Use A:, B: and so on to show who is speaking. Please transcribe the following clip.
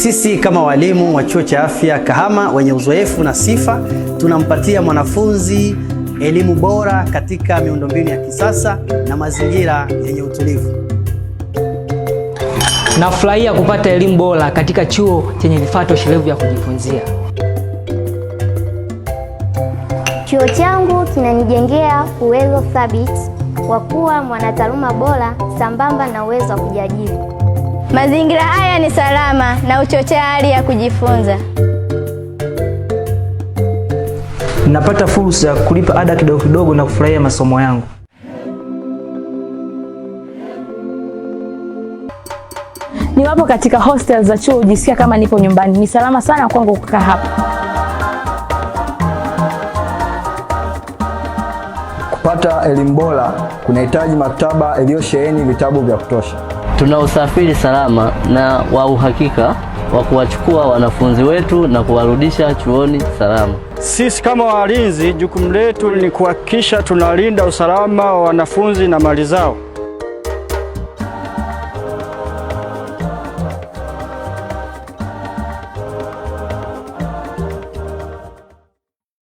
A: Sisi kama walimu wa Chuo cha Afya Kahama wenye uzoefu na sifa tunampatia mwanafunzi elimu bora katika miundombinu ya kisasa na mazingira yenye utulivu.
B: Nafurahia kupata elimu bora katika chuo chenye vifaa toshelevu vya kujifunzia.
C: Chuo changu kinanijengea uwezo thabiti wa kuwa mwanataaluma bora sambamba na uwezo wa kujiajiri.
D: Mazingira haya ni salama na huchochea hali ya kujifunza.
B: Napata fursa ya kulipa ada kidogo kidogo na kufurahia masomo yangu.
E: Niwapo katika hostel za chuo hujisikia kama nipo nyumbani. Ni salama sana kwangu kukaa hapa.
F: Kupata elimu bora kunahitaji maktaba iliyosheheni vitabu vya kutosha
G: tuna usafiri salama na wa uhakika wa kuwachukua wanafunzi wetu na kuwarudisha chuoni salama.
H: Sisi kama walinzi, jukumu letu ni kuhakikisha tunalinda usalama wa wanafunzi na mali zao.